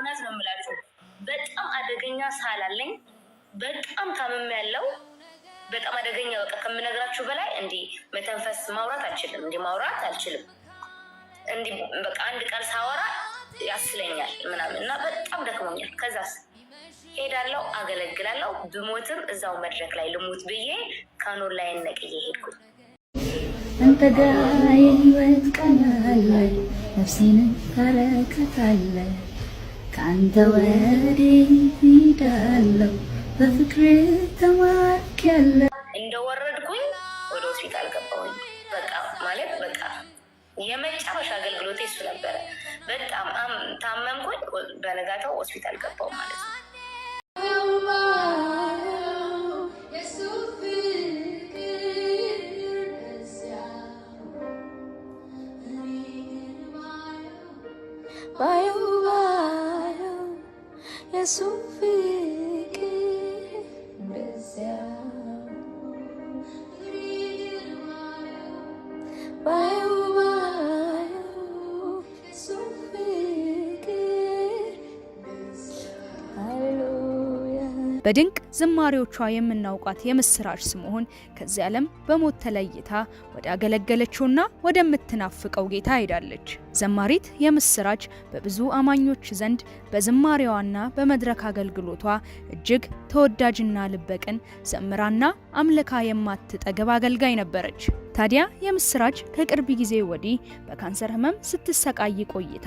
እውነት ነው የምላችሁ። በጣም አደገኛ ሳላለኝ በጣም ታምም ያለው በጣም አደገኛ በቃ ከምነግራችሁ በላይ እንዲህ መተንፈስ ማውራት አልችልም። እንዲህ ማውራት አልችልም። እንዲህ በቃ አንድ ቃል ሳወራ ያስለኛል ምናምን እና በጣም ደክሞኛል። ከዛስ ሄዳለው አገለግላለው ብሞትም እዛው መድረክ ላይ ልሙት ብዬ ከኖር ላይ ነቅዬ ሄድኩኝ። አንተ ጋ የህይወት ቀናለ ነፍሴንም ታረከታለ ካንተ ወዴት እሄዳለሁ? በፍቅር ተማርኬያለሁ። እንደወረድኩኝ ወደ ሆስፒታል ገባሁኝ። በቃ ማለት በቃ የመጨረሻ አገልግሎት እሱ ነበረ። በጣም ታመምኩኝ። በነጋታው ሆስፒታል ገባሁ ማለት ነው። በድንቅ ዝማሬዎቿ የምናውቃት የምስራች ስምዖን ከዚህ ዓለም በሞት ተለይታ ወደ አገለገለችውና ወደምትናፍቀው ጌታ ሄዳለች። ዘማሪት የምስራች በብዙ አማኞች ዘንድ በዝማሬዋና በመድረክ አገልግሎቷ እጅግ ተወዳጅና ልበቅን ዘምራና አምልካ የማትጠገብ አገልጋይ ነበረች። ታዲያ የምስራች ከቅርብ ጊዜ ወዲህ በካንሰር ህመም ስትሰቃይ ቆይታ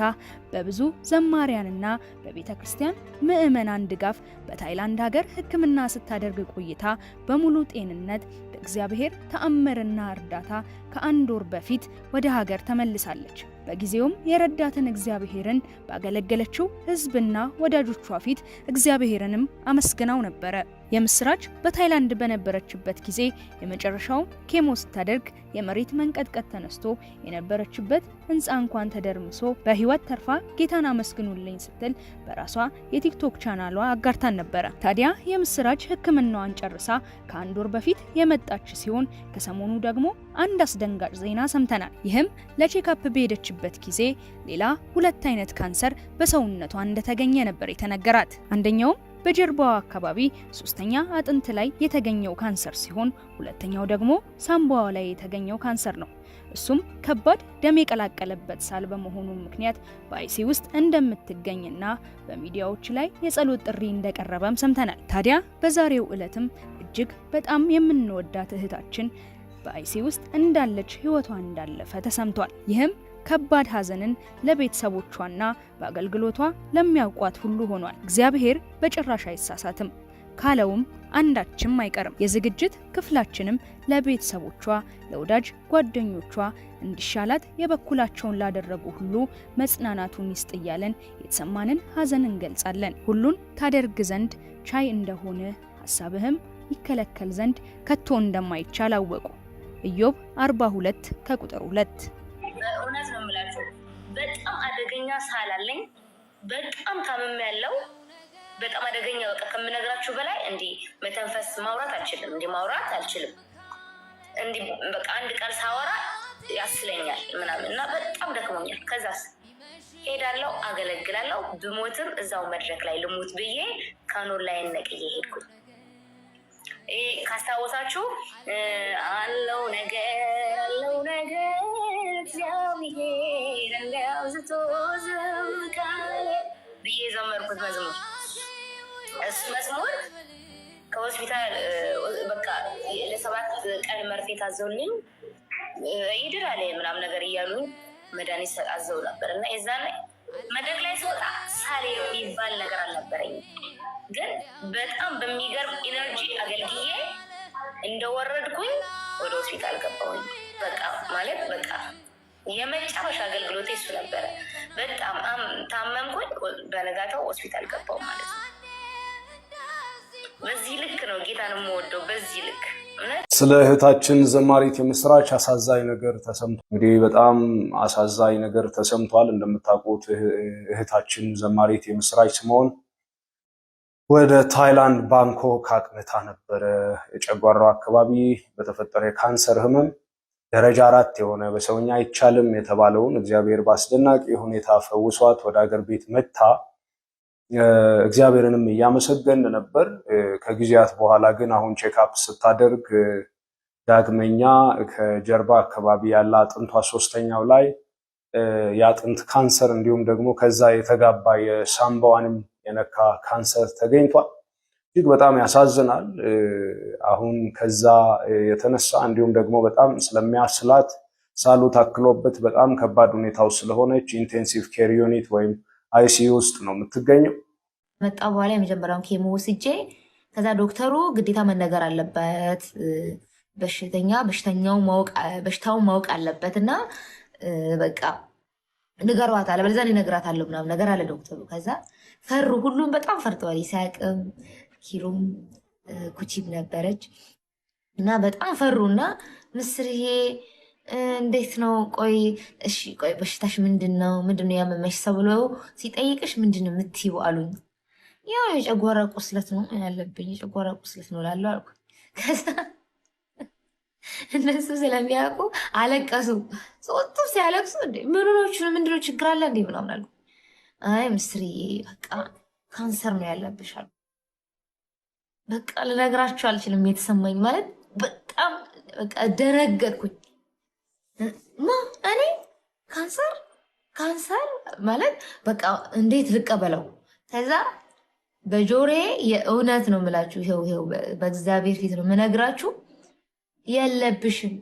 በብዙ ዘማሪያንና በቤተ ክርስቲያን ምዕመናን ድጋፍ በታይላንድ ሀገር ሕክምና ስታደርግ ቆይታ በሙሉ ጤንነት በእግዚአብሔር ተአምርና እርዳታ ከአንድ ወር በፊት ወደ ሀገር ተመልሳለች። በጊዜውም የረዳትን እግዚአብሔርን ባገለገለችው ህዝብና ወዳጆቿ ፊት እግዚአብሔርንም አመስግናው ነበረ። የምስራች በታይላንድ በነበረችበት ጊዜ የመጨረሻው ኬሞ ስታደርግ የመሬት መንቀጥቀጥ ተነስቶ የነበረችበት ህንፃ እንኳን ተደርምሶ በህይወት ተርፋ ጌታን አመስግኑልኝ ስትል በራሷ የቲክቶክ ቻናሏ አጋርታን ነበረ። ታዲያ የምስራች ህክምናዋን ጨርሳ ከአንድ ወር በፊት የመጣች ሲሆን ከሰሞኑ ደግሞ አንድ አስደንጋጭ ዜና ሰምተናል። ይህም ለቼካፕ በሄደችበት ጊዜ ሌላ ሁለት አይነት ካንሰር በሰውነቷ እንደተገኘ ነበር የተነገራት። አንደኛውም በጀርባዋ አካባቢ ሶስተኛ አጥንት ላይ የተገኘው ካንሰር ሲሆን ሁለተኛው ደግሞ ሳምባዋ ላይ የተገኘው ካንሰር ነው። እሱም ከባድ ደም የቀላቀለበት ሳል በመሆኑ ምክንያት በአይሲ ውስጥ እንደምትገኝና በሚዲያዎች ላይ የጸሎት ጥሪ እንደቀረበም ሰምተናል። ታዲያ በዛሬው ዕለትም እጅግ በጣም የምንወዳት እህታችን በአይሲ ውስጥ እንዳለች ህይወቷ እንዳለፈ ተሰምቷል። ይህም ከባድ ሐዘንን ለቤተሰቦቿና በአገልግሎቷ ለሚያውቋት ሁሉ ሆኗል። እግዚአብሔር በጭራሽ አይሳሳትም ካለውም አንዳችም አይቀርም። የዝግጅት ክፍላችንም ለቤተሰቦቿ፣ ለወዳጅ ጓደኞቿ እንዲሻላት የበኩላቸውን ላደረጉ ሁሉ መጽናናቱን ይስጥ እያለን የተሰማንን ሐዘን እንገልጻለን። ሁሉን ታደርግ ዘንድ ቻይ እንደሆነ ሐሳብህም ይከለከል ዘንድ ከቶ እንደማይቻል አወቁ። ኢዮብ 42 ከቁጥር 2 እውነት ነው የምላችሁ። በጣም አደገኛ ሳል አለኝ። በጣም ታምም ያለው በጣም አደገኛ በቃ ከምነግራችሁ በላይ እንዲ መተንፈስ ማውራት አልችልም። እንዲ ማውራት አልችልም። እንዲ በቃ አንድ ቃል ሳወራ ያስለኛል ምናምን እና በጣም ደክሞኛል። ከዛስ ሄዳለው አገለግላለው ብሞትም እዛው መድረክ ላይ ልሙት ብዬ ከኖር ላይ ነቅዬ ሄድኩኝ። ካስታወሳችሁ አለው ነገር አለው ነገር በዚያው ይሄዳለው ዝቶ ዝቃለ ብዬ የዘመርኩት መዝሙር እሱ መዝሙር ከሆስፒታል በቃ ለሰባት ቀን መርፌ ታዘውልኝ ይድር አለ ምናም ነገር እያሉ መድኃኒት አዘው ነበር እና የዛን መድረክ ላይ ስወጣ ሳል የሚባል ነገር አልነበረኝም። ግን በጣም በሚገርም ኢነርጂ አገልግዬ እንደወረድኩኝ ወደ ሆስፒታል ገባሁኝ። በቃ ማለት በቃ የመጨረሻ አገልግሎት እሱ ነበረ። በጣም ታመምኩኝ። በነጋታው ሆስፒታል ገባው ማለት ነው። በዚህ ልክ ነው ጌታን የምወደው በዚህ ልክ። ስለ እህታችን ዘማሪት የምስራች አሳዛኝ ነገር ተሰምቷል። እንግዲህ በጣም አሳዛኝ ነገር ተሰምቷል። እንደምታውቁት እህታችን ዘማሪት የምስራች ስምኦን ወደ ታይላንድ ባንኮክ አቅንታ ነበረ። የጨጓራው አካባቢ በተፈጠረ የካንሰር ህመም ደረጃ አራት የሆነ በሰውኛ አይቻልም የተባለውን እግዚአብሔር በአስደናቂ ሁኔታ ፈውሷት ወደ አገር ቤት መታ እግዚአብሔርንም እያመሰገን ነበር። ከጊዜያት በኋላ ግን አሁን ቼክአፕ ስታደርግ ዳግመኛ ከጀርባ አካባቢ ያለ አጥንቷ ሶስተኛው ላይ የአጥንት ካንሰር እንዲሁም ደግሞ ከዛ የተጋባ የሳምባዋንም የነካ ካንሰር ተገኝቷል። እጅግ በጣም ያሳዝናል። አሁን ከዛ የተነሳ እንዲሁም ደግሞ በጣም ስለሚያስላት ሳሉ ታክሎበት በጣም ከባድ ውስጥ ስለሆነች ኢንቴንሲቭ ኬር ዩኒት ወይም አይሲዩ ውስጥ ነው የምትገኘው። መጣ በኋላ የመጀመሪያውን ኬሞ ወስጄ ከዛ ዶክተሩ ግዴታ መነገር አለበት በሽተኛ በሽታውን ማወቅ አለበት እና በቃ ንገሯት አለ፣ በለዚያ አለው ምናምን ነገር አለ ዶክተሩ። ከዛ ፈሩ፣ ሁሉም በጣም ፈርተዋል። ይሳቅም ኪሩም ኩቺም ነበረች እና በጣም ፈሩ እና ምስርዬ እንዴት ነው? ቆይ እሺ፣ ቆይ በሽታሽ ምንድን ነው? ምንድን ነው ያመመሽ? ሰው ብሎ ሲጠይቅሽ ምንድን ነው የምትይው አሉኝ። ያው የጨጓራ ቁስለት ነው ያለብኝ፣ የጨጓራ ቁስለት ነው ላለው አልኩ። ከዛ እነሱ ስለሚያውቁ አለቀሱ። ሶቱም ሲያለቅሱ ምንኖቹ ምንድነው ችግር አለ እንዴ ምናምን አሉ አይ ምስርዬ፣ በቃ ካንሰር ነው ያለብሽ አሉ። በቃ ልነግራችሁ አልችልም። የተሰማኝ ማለት በጣም በቃ ደነገጥኩኝ። ማ እኔ ካንሰር ካንሰር ማለት በቃ እንዴት ልቀበለው? ከዛ በጆሬ የእውነት ነው የምላችሁ፣ ይኸው ይኸው በእግዚአብሔር ፊት ነው የምነግራችሁ። የለብሽም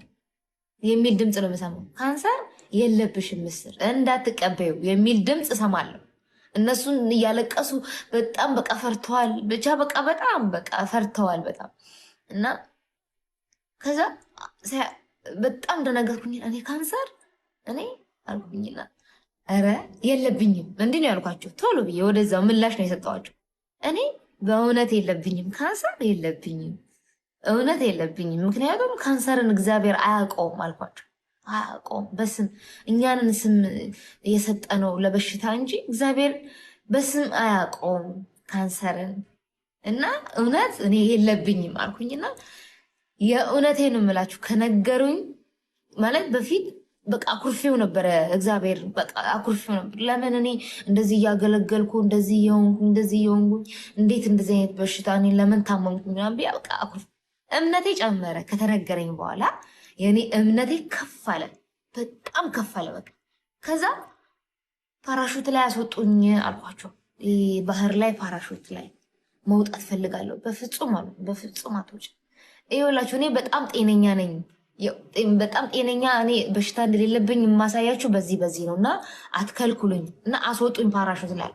የሚል ድምፅ ነው የምሰማው። ካንሰር የለብሽም ምስር እንዳትቀበዩ የሚል ድምፅ እሰማለሁ። እነሱን እያለቀሱ በጣም በቃ ፈርተዋል። ብቻ በቃ በጣም በቃ ፈርተዋል በጣም እና ከዛ በጣም እንደነገርኩኝ እኔ ካንሰር እኔ አልኩኝና ኧረ የለብኝም እንዲህ ነው ያልኳቸው። ቶሎ ብዬ ወደዛው ምላሽ ነው የሰጠዋቸው። እኔ በእውነት የለብኝም፣ ካንሰር የለብኝም፣ እውነት የለብኝም። ምክንያቱም ካንሰርን እግዚአብሔር አያውቀውም አልኳቸው። አያውቀውም። በስም እኛንን ስም የሰጠነው ለበሽታ እንጂ እግዚአብሔር በስም አያውቀውም ካንሰርን እና እውነት እኔ የለብኝም አልኩኝና የእውነቴ ነው የምላችሁ። ከነገሩኝ ማለት በፊት በቃ አኩርፌው ነበረ እግዚአብሔር በቃ አኩርፌው ነበር። ለምን እኔ እንደዚህ እያገለገልኩ እንደዚህ እየሆንኩ እንደዚህ እየሆንኩኝ እንዴት እንደዚህ አይነት በሽታ እኔ ለምን ታመምኩኝ? በቃ እምነቴ ጨመረ ከተነገረኝ በኋላ የእኔ እምነቴ ከፍ አለ፣ በጣም ከፍ አለ። በቃ ከዛ ፓራሹት ላይ አስወጡኝ አልኳቸው። ባህር ላይ ፓራሹት ላይ መውጣት ፈልጋለሁ። በፍጹም አሉ፣ በፍጹም አቶች ይኸውላችሁ፣ እኔ በጣም ጤነኛ ነኝ፣ በጣም ጤነኛ እኔ በሽታ እንደሌለብኝ የማሳያችሁ በዚህ በዚህ ነው እና አትከልኩልኝ እና አስወጡኝ ፓራሹት ላይ።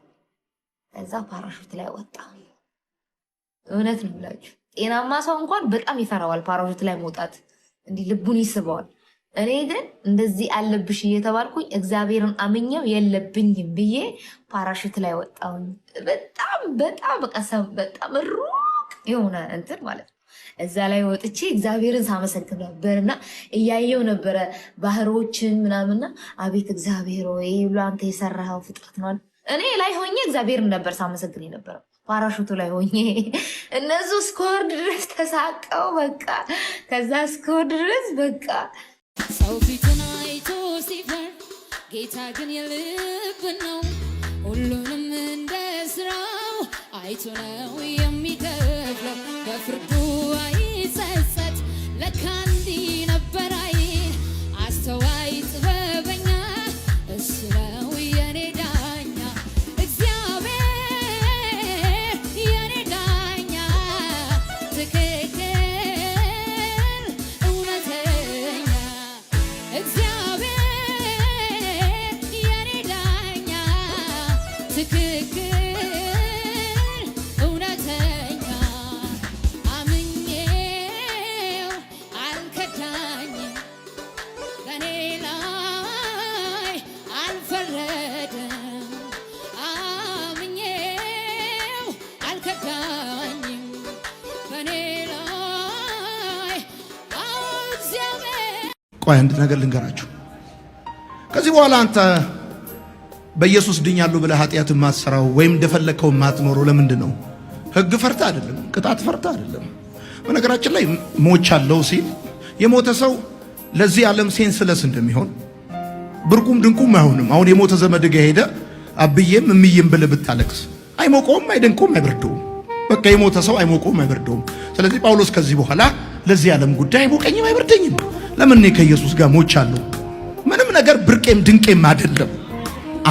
ከዛ ፓራሹት ላይ ወጣ። እውነት ነው ብላችሁ ጤናማ ሰው እንኳን በጣም ይፈራዋል ፓራሹት ላይ መውጣት እንዲህ ልቡን ይስበዋል። እኔ ግን እንደዚህ አለብሽ እየተባልኩኝ እግዚአብሔርን አምኘው የለብኝም ብዬ ፓራሽት ላይ ወጣሁኝ። በጣም በጣም ቀሰም በጣም ሩቅ የሆነ እንትን ማለት ነው። እዛ ላይ ወጥቼ እግዚአብሔርን ሳመሰግን ነበር እና እያየው ነበረ ባህሮችን ምናምና፣ አቤት እግዚአብሔር ወይ ብሎ አንተ የሰራኸው ፍጥረት ነው። እኔ ላይ ሆኜ እግዚአብሔርን ነበር ሳመሰግን የነበረው። ፓራሹቱ ላይ ሆኜ እነሱ እስኮር ድረስ ተሳቀው በቃ ከዛ እስኮር ድረስ በቃ ሰው ፊቱን አይቶ ሲፈር ጌታ ግን የልብ ነው። ሁሉንም እንደ ስራው አይቶ ነው የሚከፍለው። በፍርዱ አይጸጸት ለካን ቆይ አንድ ነገር ልንገራችሁ። ከዚህ በኋላ አንተ በኢየሱስ ድኛለሁ ብለህ ኃጢአት ማትሰራው ወይም እንደፈለግከው ማትኖረው ለምንድን ነው? ህግ ፈርታ አይደለም፣ ቅጣት ፈርታ አይደለም። በነገራችን ላይ ሞች አለው ሲል የሞተ ሰው ለዚህ ዓለም ሴንስለስ እንደሚሆን ብርቁም ድንቁም አይሆንም። አሁን የሞተ ዘመድ ጋ ሄደ አብዬም እምዬም ብለህ ብታለቅስ አይሞቀውም፣ አይደንቀውም፣ አይበርደውም። በቃ የሞተ ሰው አይሞቀውም፣ አይበርደውም። ስለዚህ ጳውሎስ ከዚህ በኋላ ለዚህ ዓለም ጉዳይ አይቦቀኝም አይበርደኝም። ለምን እኔ ከኢየሱስ ጋር ሞቻለሁ። ምንም ነገር ብርቄም ድንቄም አይደለም።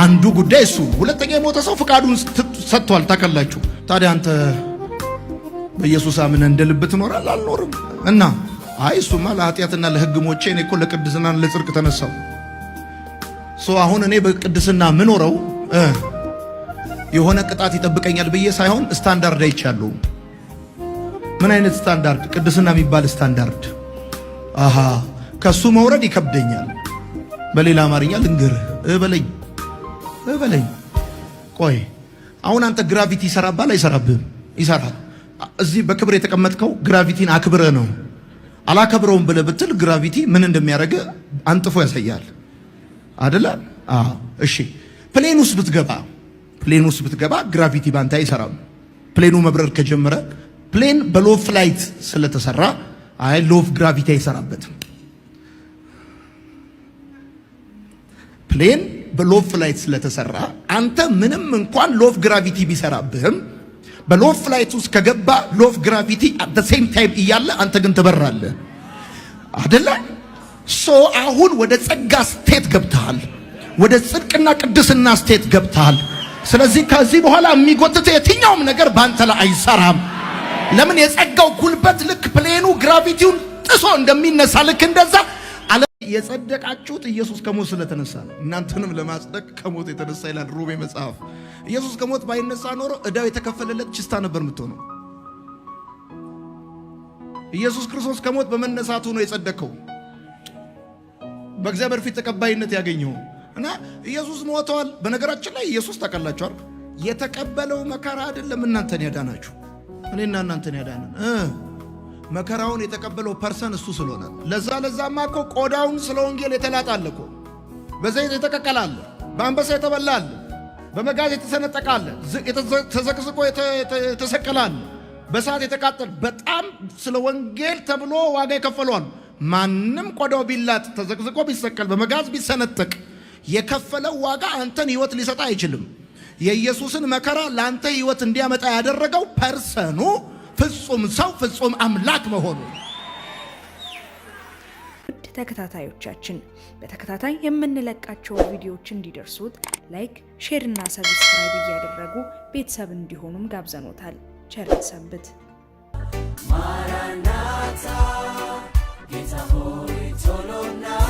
አንዱ ጉዳይ እሱ ሁለተኛ የሞተ ሰው ፍቃዱን ሰጥቷል። ታከላችሁ። ታዲያ አንተ በኢየሱስ አምነህ እንደ ልብ ትኖራል? አልኖርም እና አይ እሱማ ለኃጢአትና ለሕግ ሞቼ እኔ እኮ ለቅድስና ለጽድቅ ተነሳው ሶ አሁን እኔ በቅድስና ምኖረው የሆነ ቅጣት ይጠብቀኛል ብዬ ሳይሆን ስታንዳርድ አይቻለሁ። ምን አይነት ስታንዳርድ? ቅድስና የሚባል ስታንዳርድ። አሃ ከሱ መውረድ ይከብደኛል። በሌላ አማርኛ ልንገርህ፣ እበለኝ እበለኝ። ቆይ አሁን አንተ ግራቪቲ ይሰራባል አይሰራብህም? ይሰራል። እዚህ በክብር የተቀመጥከው ግራቪቲን አክብረ ነው። አላከብረውም ብለህ ብትል ግራቪቲ ምን እንደሚያደርግህ አንጥፎ ያሳያል። አደለ? እሺ ፕሌን ውስጥ ብትገባ ፕሌን ውስጥ ብትገባ ግራቪቲ ባንተ አይሰራም። ፕሌኑ መብረር ከጀመረ ፕሌን በሎ ፍላይት ስለተሰራ አይ ሎ ኦፍ ግራቪቲ አይሰራበትም። ፕሌን በሎ ፍላይት ስለተሰራ አንተ ምንም እንኳን ሎ ኦፍ ግራቪቲ ቢሰራብህም በሎ ፍላይት ውስጥ ከገባ ሎ ኦፍ ግራቪቲ አት ዘ ሴም ታይም እያለ አንተ ግን ትበራለህ አደለ? ሶ አሁን ወደ ጸጋ ስቴት ገብተሃል። ወደ ጽድቅና ቅድስና ስቴት ገብተሃል። ስለዚህ ከዚህ በኋላ የሚጎትት የትኛውም ነገር በአንተ ላይ አይሰራም። ለምን የጸጋው ጉልበት ልክ ፕሌኑ ግራቪቲውን ጥሶ እንደሚነሳ ልክ እንደዛ አለ። የጸደቃችሁት ኢየሱስ ከሞት ስለተነሳ ነው፣ እናንተንም ለማጽደቅ ከሞት የተነሳ ይላል ሮሜ መጽሐፍ። ኢየሱስ ከሞት ባይነሳ ኖሮ እዳው የተከፈለለት ችስታ ነበር የምትሆነው። ኢየሱስ ክርስቶስ ከሞት በመነሳቱ ነው የጸደቀው፣ በእግዚአብሔር ፊት ተቀባይነት ያገኘው እና ኢየሱስ ሞተዋል። በነገራችን ላይ ኢየሱስ ታውቃላችሁ አይደል የተቀበለው መከራ አይደለም እናንተን ያዳናችሁ እኔና እናንተን ያዳንን መከራውን የተቀበለው ፐርሰን እሱ ስለሆነ ለዛ ለዛማ እኮ ቆዳውን ስለ ወንጌል የተላጣለ እኮ በዘይት የተቀቀላለ በአንበሳ የተበላለ በመጋዝ የተሰነጠቃለ ተዘቅዝቆ የተሰቀላለ በሰዓት የተቃጠል በጣም ስለ ወንጌል ተብሎ ዋጋ የከፈሏል። ማንም ቆዳው ቢላጥ ተዘቅዝቆ ቢሰቀል በመጋዝ ቢሰነጠቅ የከፈለው ዋጋ አንተን ህይወት ሊሰጣ አይችልም። የኢየሱስን መከራ ለአንተ ህይወት እንዲያመጣ ያደረገው ፐርሰኑ ፍጹም ሰው ፍጹም አምላክ መሆኑ ውድ ተከታታዮቻችን በተከታታይ የምንለቃቸው ቪዲዮዎች እንዲደርሱት ላይክ፣ ሼር እና ሰብስክራይብ እያደረጉ ቤተሰብ እንዲሆኑም ጋብዘኖታል። ቸር ሰንብት። ማራናታ ጌታ ሆይ ቶሎና